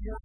Yeah.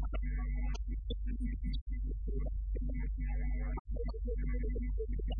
Thank you.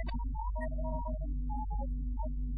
I'm going to go to the next slide.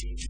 Thank you.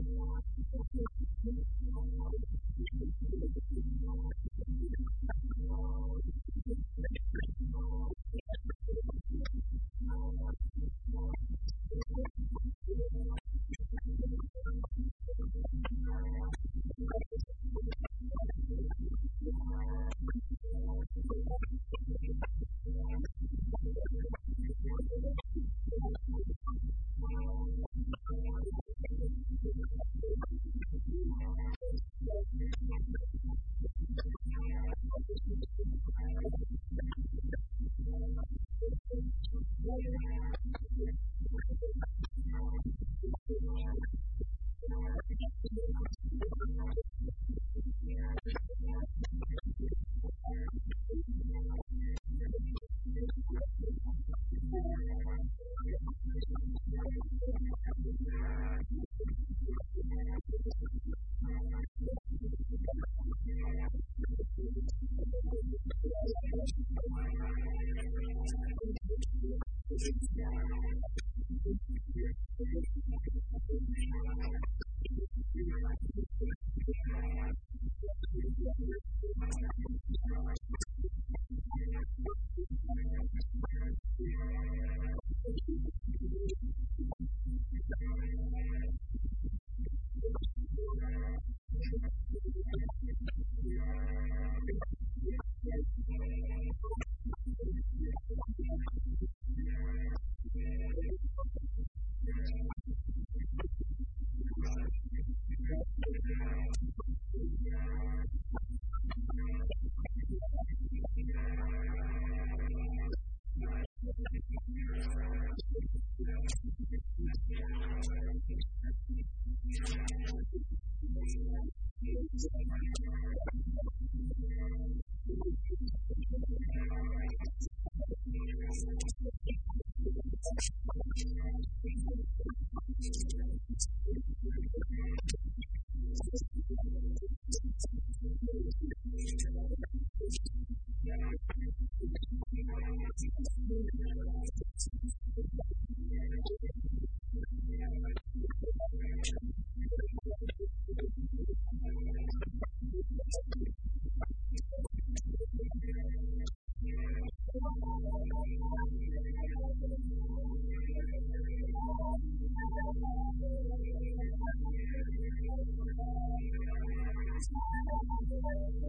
Thank you. I'm going to go to the next one. Thank you.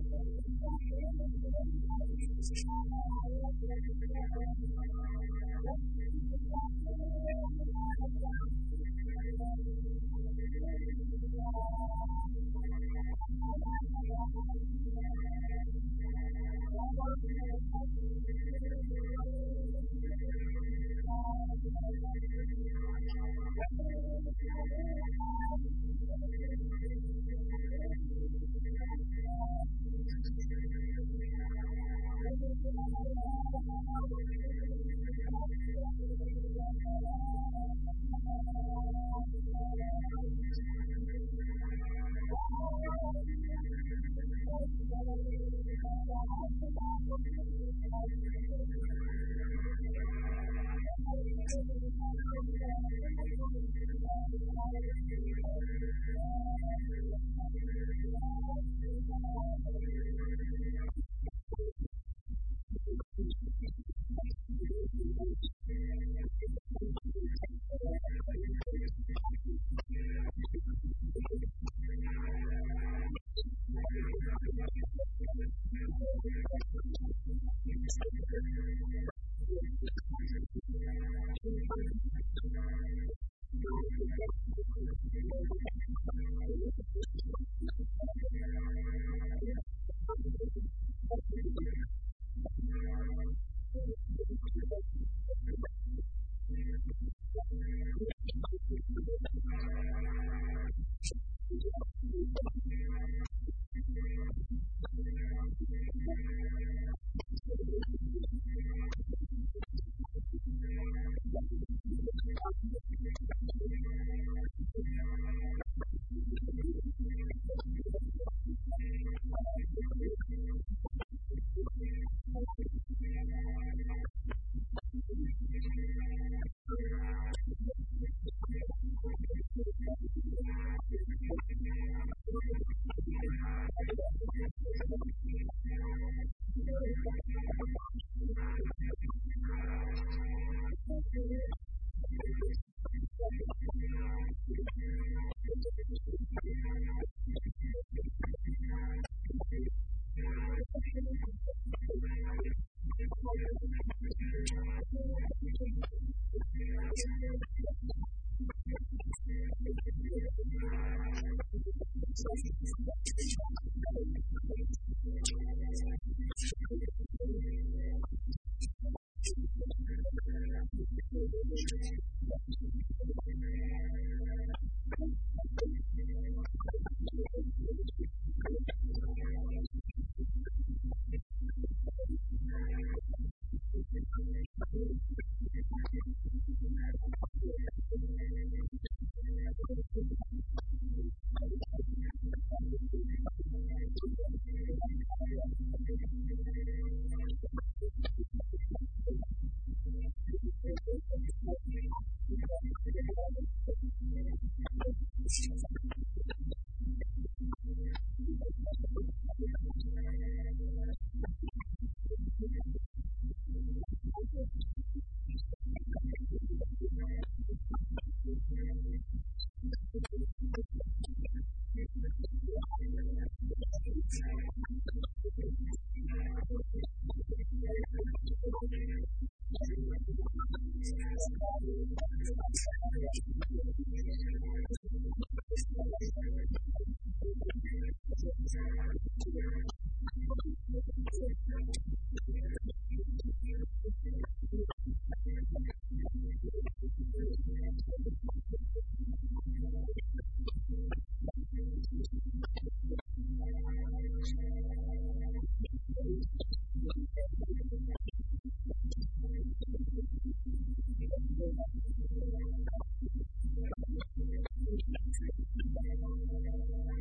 Thank you.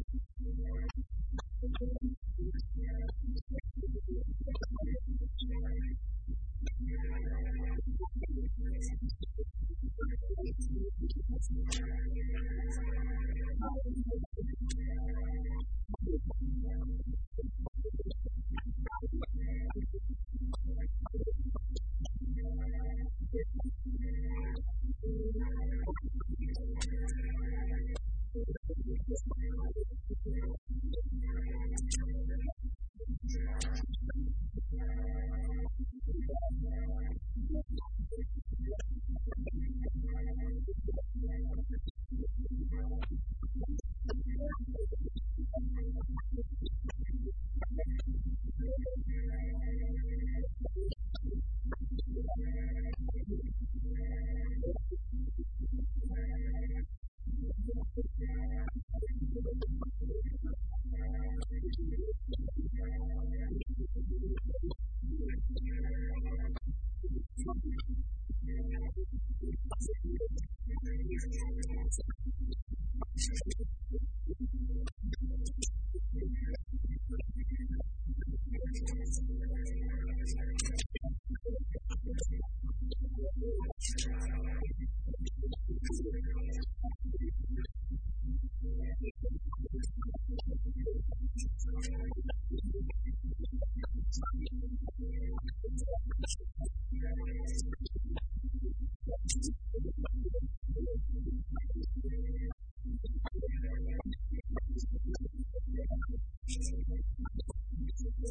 Thank you.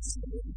Thank you.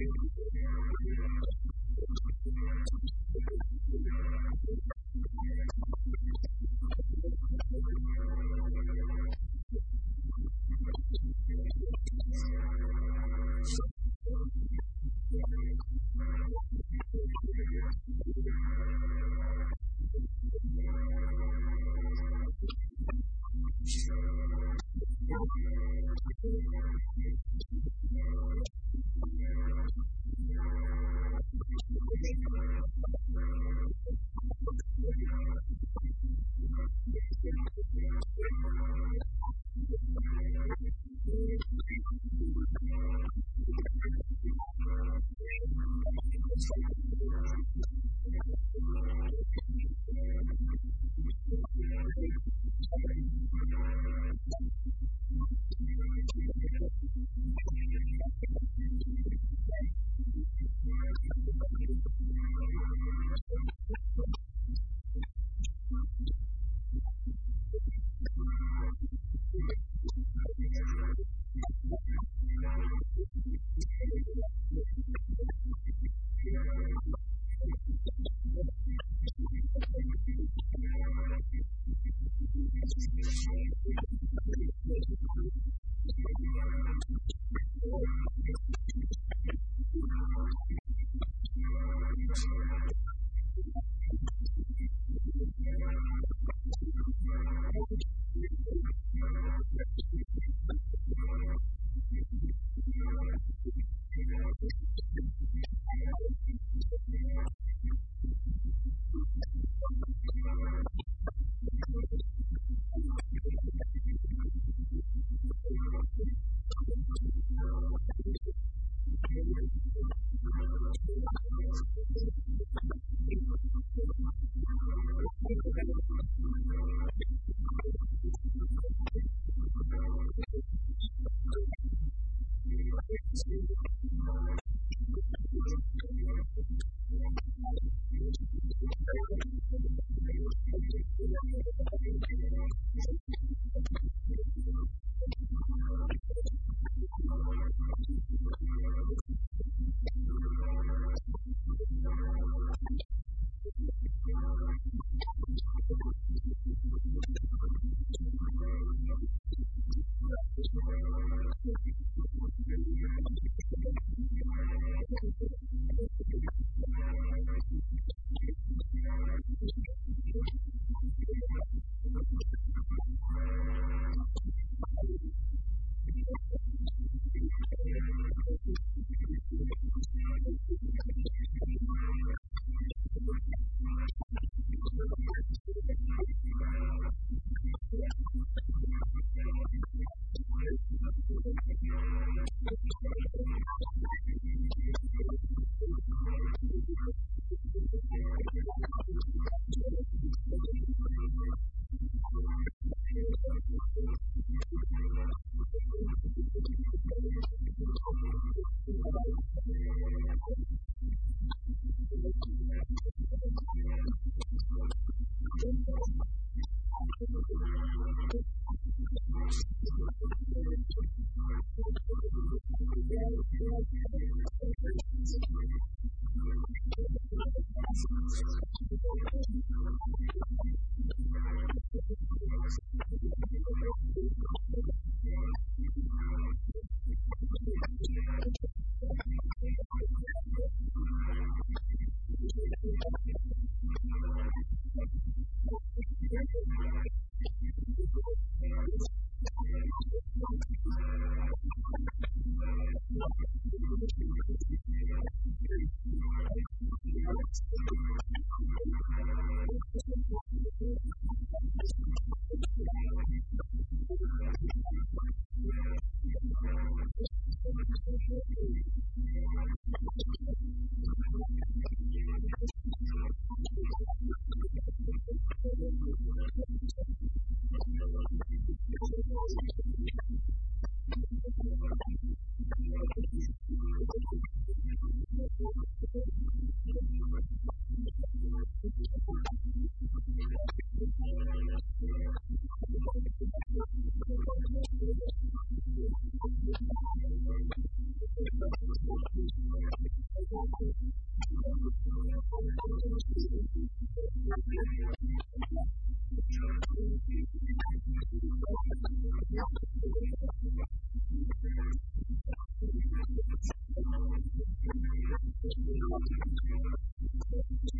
Thank you. Thank you. qu'il y a de plus